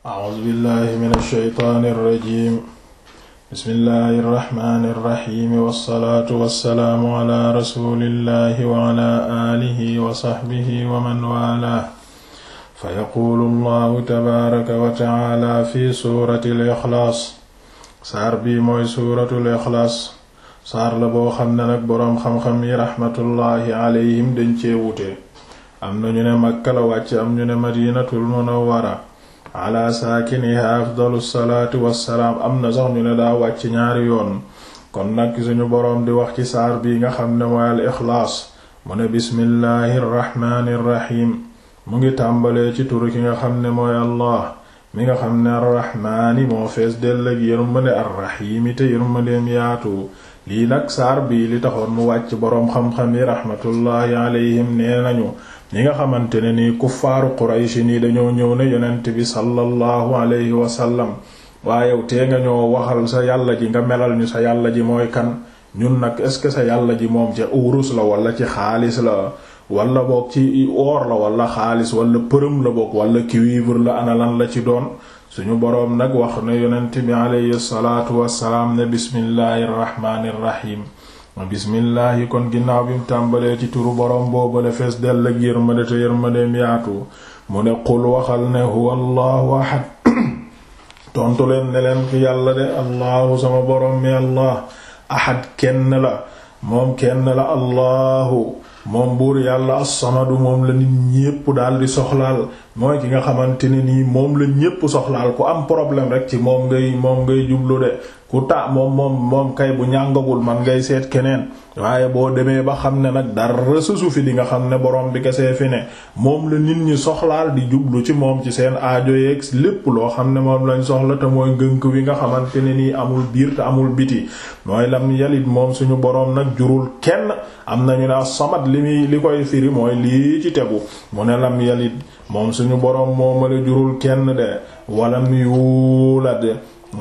a'uuzu billahi min ash-shaytaani rrajiim bismillahi rrahmaani rrahiim wassalaatu wassalaamu ala rasuulillahi wa ala aalihi wa sahbihi wa man waalaahu fa yaquulu allahu tabaaraka wa ta'aala fi suurati al-ixlaas saar bii mooy suuratul ixlaas saar la boo xam ne nag boroom xam-xam yi raxmatullaahi alayhim dañ cee wuute am na ñu ne Makka la wàcc am ñu ne Madinatul Munawwara ala saakiniha afdalu salaatu wassalaam am na sax ñu ne daa wàcc ñaari yoon kon nag suñu boroom di wax ci saar bii nga xam ne mooy al ixlaas mu ne bismillahi rrahmaani rrahiim mu ngi tàmbalee ci turu ki nga xam ne mooy allah mi nga xam ne arrahmaani moo fees dell ak yërmande arrahiimi te yërmandeem yaatu lii nag saar bi li taxoon mu wàcc boroom xam-xam yi raxmatullaahi alayhim nee nañu ñi nga xamante ne ni kuffaaru Quraysh nii dañoo ñëw ne yonent bi sallallahu alayhi wa sallam waaye yow tee nga sa yàlla ji nga melal ñu sa yàlla ji mooy kan ñun nag est ce que sa yàlla ji moom ci urus la wala ci xaalis la wala ci or wala xaalis wala përëm la boog wala cuivre la ana lan la ci doon suñu boroom nag wax ne yonent bi alayhi salaatu wassalaam ne bismillaahir rahmaanir bismillaahi kon ginnaaw bi mu tàmbalee ci turu boroom boobale fees dell ak yërmande te yërmandeem yaatu mu ne qul waxal ne huwa allahu ahad tontu leen ne leen ki yàlla de allahu sama boroom mi allah ahad kenn la moom kenn la allahu moom buur yàlla as-samadu moom la nit yëpp daal di soxlaal mooy ki nga xamante ne nii moom la ñépp soxlaal ku am problème rek ci moom ngay moom ngay jublu de ku ta moom moom moom kay bu ñàngagul man ngay seet keneen waaye boo demee ba xam ne nag dara susu fi nga xam ne boroom bi kese fi ne moom la nit ñi soxlaal di jublu ci moom ci seen aajo yeeg lépp loo xam ne moom lañ soxla te mooy ngënk wi nga xamante ne nii amul biir te amul biti mooy lam borom nag jurul li muy li koy firi mooy lii ci tegu mu ne lam yalit moom suñu boroom moo mala jurul kenn de walam yuulad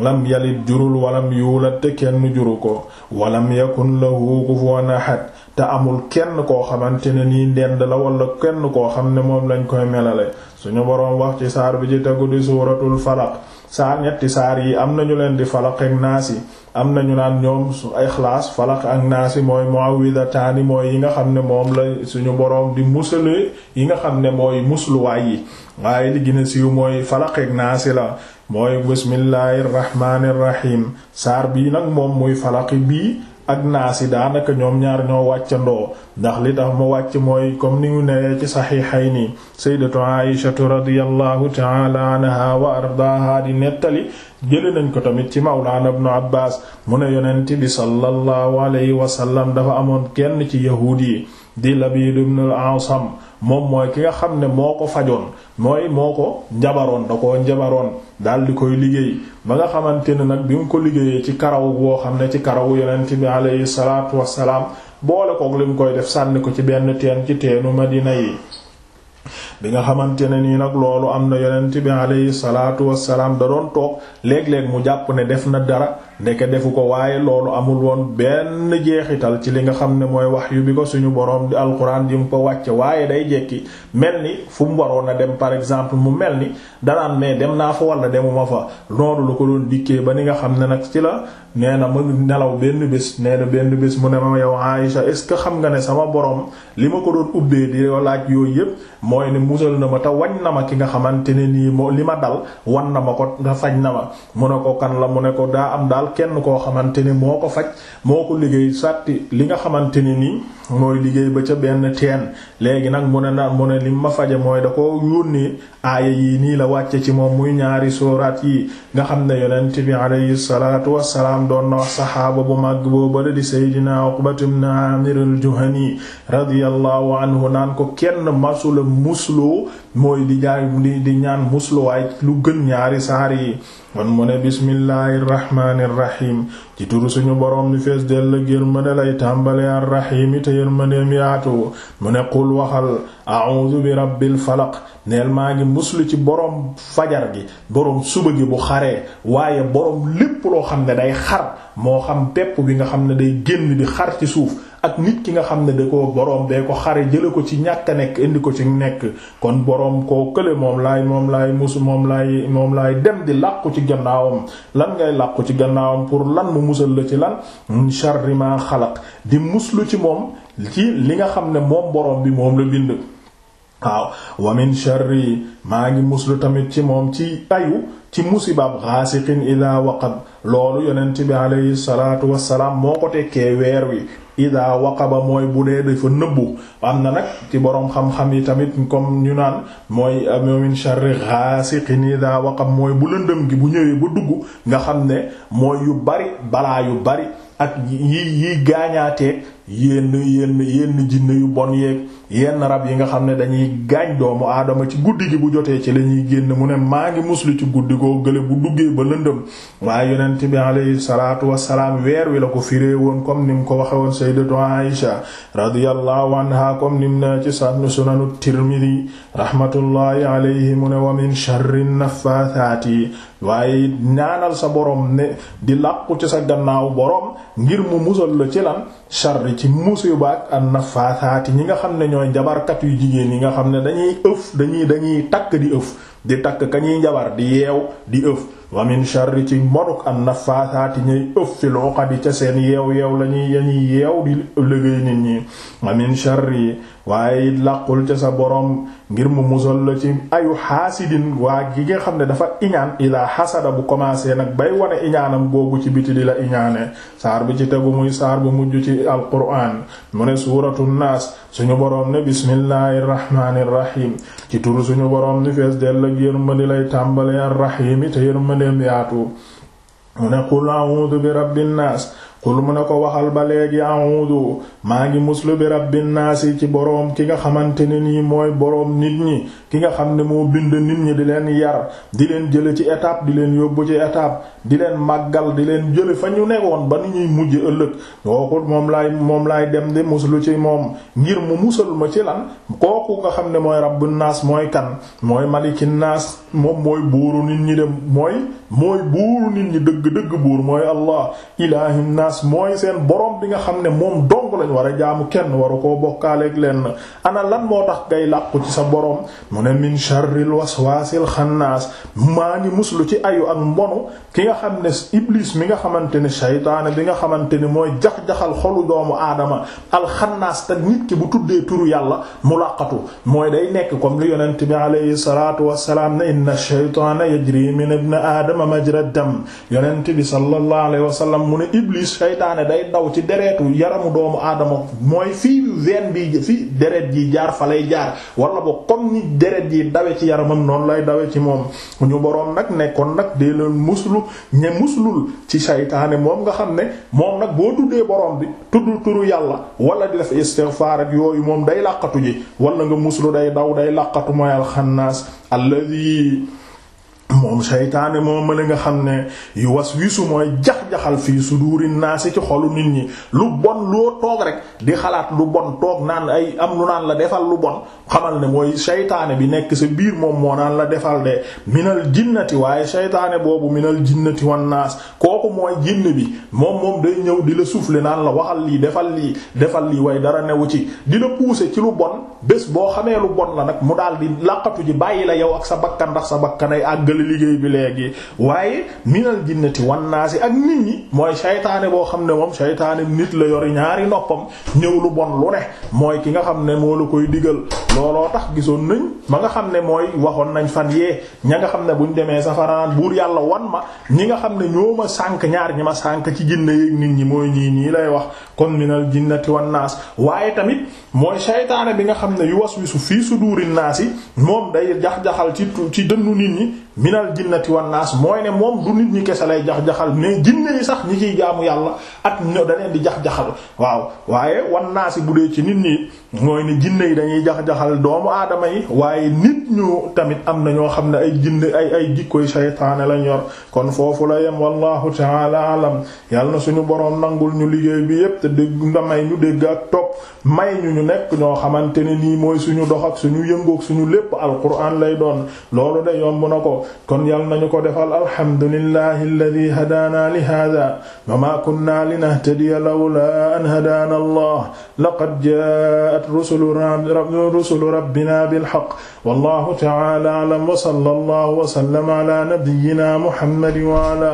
lam yalit jurul walam yuulat te kenn juru ko walam yakun lahu kufuwan ahad te amul kenn koo xamante ne nii ndend la wala kenn koo xam ne moom lañ koy melale suñu boroom wax ci saar bi ci tegu di suuratul falaq saar ñetti saar yi am nañu leen di falaq ak naas yi am nañu naan ñoom su ixlaas falaq ak naas yi mooy muawwidataani mooy yi nga xam ne moom la suñu boroom di musale yi nga xam ne mooy musluwaay yi waaye li gën a siiw mooy falaq ak naas yi la mooy bismillaahir rahmaanir rahiim saar bii nag moom muy falaq bii ak naasi daanaka ñoom ñaar ñoo wàccandoo ndax li tax mu wàcc mooy comme ni ñu newee ci saxiixayni sayyidatu Aysatu radiyallahu ta'ala anha wa ardaaha di nettali jële nañ ko tamit ci mawlaana ibnu Abbaas mu ne yonent bi sallallahu alayhi wa sallam dafa amoon kenn ci yahuud yi di Labiid ibnul Asam moom mooy ki nga xam ne moo ko fajoon mooy moo ko njabaroon da ko njabaroon daal di koy liggéey ba nga xamante ne nag bi mu ko liggéeyee ci karaw boo xam ne ci karawu yonent bi alayhi salaatu wassalaam boole kook li mu koy def sànni ko ci benn teen ci teenu Madina yi bi nga xamante ne nii nag loolu am na yonent bi alayhi salaatu wassalaam da doon toog léeg-léeg mu jàpp ne def na dara ndeke defu ko waaye loolu amul woon benn jeexital ci li nga xam ne mooy wahyu bi ko suñu boroom di alquran di mu ko wàcce waaye day jekki mel ni fu mu waroon a dem par exemple mu mel ni danaan mais dem naa fa wala demuma fa noonu lu ko doon dikkee ba ni nga xam ne nag ci la nee na mu nelaw benn bés nee na benn bés mu ne ma yow Aïcha est-ce que xam nga ne sama boroom li ma ko doon ubbee yooyu yépp musal na ma te wañ na ma ki nga xamante ne nii moo li ma dal wan na ma ko te faj na ma mu ne ko kan la mu ne ko daa am daal kenn koo xamante ne moo ko faj moo ko liggéey sàtti li nga xamante ne nii mooy liggéey ba ca benn teen léegi nag mu ne na mu ne li ma faje mooy da koo yónnee aaya yii nii la wàcce ci moom muy ñaari sooraat yi nga xam ne yonent bi alayhi salaatu wassalaam doon na wax saxaaba bu màgg boo di Seydina Uqbat ibn Amir al-Juhani radiyallahu anhu musloo mooy di jaay di di ñaan musluwaay lu gën ñaari saar yi kon mu ne bismillahir rahmanir ci turu suñu borom mi fees del la yërmande lay tàmbale arrahimi te yërmandeem yaatu mu ne qul waxal a'udhu bi rabbil falaq neel maa ngi muslu ci boroom fajar gi borom suba gi bu xaree waaye borom lépp loo xam ne day xar moo xam pepp bi nga xam ne day génn di xar ci suuf ak nit ki nga xam ne da ko boroom bee ko xare jële ko ci ñàkk a nekk indi ko ci nekk kon boroom koo kële moom lay moom laay mus moom laay moom laay dem di làqu ci gannaawam lan ngay làqu ci gannaawam pour lan mu musal la ci lan min sharri ma xalaq di muslu ci moom ci li nga xam ne moom boroom bi moom la bind waaw wa min yi maa ngi muslu tamit ci moom ci ayu ci musibaab xaasiqin ida waqab loolu yonent bi alayhi salaatu wassalaam moo ko tekkee weer wi ida waqaba mooy bu dee dafa nëbbu am na nag ci boroom xam-xam yi tamit comme ñu naan mooy wa min sharri xaasiqin ida waqab mooy bu lëndëm gi bu ñëwee bu dugg nga xam ne mooy yu bari balaa yu bari ak yi yi gaañaatee yenn yéen yenn jinne yu bon yeeg yenn rab yi nga xam ne dañuy gaañ doomu aadama ci guddi gi bu jotee ci la ñuy génn mu ne maa ngi muslu ci guddi goo gële bu duggee ba lëndëm waaye yonent bi alayhi salaatu wassalaam weer wi la ko firee woon comme ni mu ko waxe woon sayyidatu Aisha radiyallahu anha comme nim na ci sannu sunanu Tirmidhi rahmatullahi alayhi mu ne wa min sharri naffaathaati waaye ñaanal sa borom ne di làqu ci sa gannaaw borom ngir mu musal la ci lan sharri ci musiba ak an nafaasaati ñi nga xam ne ñooy jabarkat yu jigéen yi nga xam ne dañuy ëf dañuy dañuy takk di ëf di takk ka ñuy jabar di yeew di ëf waa min sharri ci mbonuk an nafaathaati ñay ëf fil uqadi ca seen yeew yeew lañuy yañuy yeew di liggéey nit ñi wa min sharri waaye làqul ca sa boroom ngir mu musal la ci ayu xaasidin waa gi nga xam ne dafa iñaan ilaa xasada bu commencé nag bay wane iñaanam googu ci biti di la iñaane saar bi ci tegu muy saar bu mujj ci alquraan mu ne suuratu naas suñu boroom ne bismillahir rahmanir rahim ci turu suñu boroom ni fees dell ak yërmande lay tàmbalee ar-rahim te yërmandeem yaatu mu ne qul a'udhu bi rabbin qul mu ne ko waxal ba léegi a'udhu maa ngi muslu bi rabbin yi ci boroom ki nga xamante ne nii mooy boroom nit ñi ki nga xam ne moo bind nit ñi di leen yar di leen jële ci étape di leen yóbbu ci étape di leen màggal di leen jële fa ñu newoon ba ni ñuy mujj ëllëg kooku moom laay moom laay dem di muslu ci moom ngir mu musal ma ci lan kooku nga xam ne mooy rabbu naas mooy kan mooy maliki naas moom mooy buuru nit ñi dem mooy mooy buuru nit dëgg-dëgg buur mooy allah ilaahi naas mooy seen borom bi nga xam ne moom dong lañ war a jaamu kenn waru koo bokkaaleeg leen anal lan moo tax ngay làqu ci sa borom mu ne min sharril waswaasil xannaas maa ngi muslu ci ayu ak mbonu ki nga xam ne iblis mi nga xamante ne shaytaane bi nga xamante ne mooy jax-jaxal xolu doomu aadama alxannaas te nit ki bu tuddee turu yàlla mu làqatu mooy day nekk comme li yonent bi alayhi salaatu wassalaam ne inna shaytaana yajri min ibn aadama majra dam yonent bi sallallahu alayhi wasallam mu ne iblis shaytaane day daw ci dereetu yaramu doomu aadama mooy fii veine bi fii deret ji jaar fa lay jaar wala bo comme ni deret ji dawe ci yaramam noonu lay dawe ci moom ñu boroom nag nekkoon nag dee leen muslu ñe muslul ci seytaane moom nga xam ne moom nag boo tuddee boroom bi tudd turu yàlla wala di def istighfar ak yooyu moom day làqatu ji wala nga muslu day daw day làqatu mooy alxannaas alladi moom seytaane moo mën nga xam ne yu was wisu mooy jax-jaxal fii suduuri naasi ci xolu nit ñi lu bon loo toog rek di xalaat lu bon toog naan ay am lu naan la defal lu bon xamal ne mooy seytaane bi nekk sa biir moom moo naan la defal de minal jinnati waaye seytaane boobu minal jinnati wan naas kooku mooy jinn bi moom moom day ñëw di la souffler naan la waxal lii defal lii defal lii way dara newu ci di la pousser ci lu bon bés boo xamee lu bon la nag mu daal di làqatu ji bàyyi la yow ak sa bakkan ndax sa bakkan ay àggal mottali liggéey bi léegi waaye minal jinnati wan naa si ak nit ñi mooy saytaane boo xam ne moom saytaane nit la yor ñaari noppam ñëw lu bon lu ne mooy ki nga xam ne moo la koy digal looloo tax gisoon nañ ma nga xam ne mooy waxoon nañ fan yee ña nga xam ne buñ demee safaraan buur yàlla wan ma ñi nga xam ne ñoo ma sànk ñaar ñi ma sànk ci jinne yéeg nit ñi mooy ñii nii lay wax kon minal jinnati wan naas waaye tamit mooy saytaane bi nga xam ne yu waswisu fii suduri naas yi moom day jax-jaxal ci ci dënnu nit ñi minal jinnati wan naas mooy ne moom du nit ñi kese lay jax-jaxal mais jinne yi sax ñi ciy jaamu yàlla ak ñoo da di jax-jaxal waaw waaye wan naas yi bu dee ci nit ñi mooy ne jinne yi dañuy jax-jaxal doomu aadama yi waaye nit ñu tamit am na ñoo xam ne ay jinne ay ay jikkoy saytaane lañ yor kon foofu la yem wallahu ta'ala alam yàlla na suñu boroom nangul ñu liggéey bi yépp te dégg ndamay ñu dégg ak topp may ñu ñu nekk ñoo xamante ne nii mooy suñu dox ak suñu yëngoog suñu lépp alquran lay doon loolu de yomb na ko kon yal nañu ko defal alhamdulillahi alladi hadaana li hada wa ma kunna linahtadiya lawla an hadaana allah laqad jaat rusulu rusulu rabbina bilhaq wallahu ta'ala a'lam wa sallallahu wa sallama ala nabiyyina muhammadin wa ala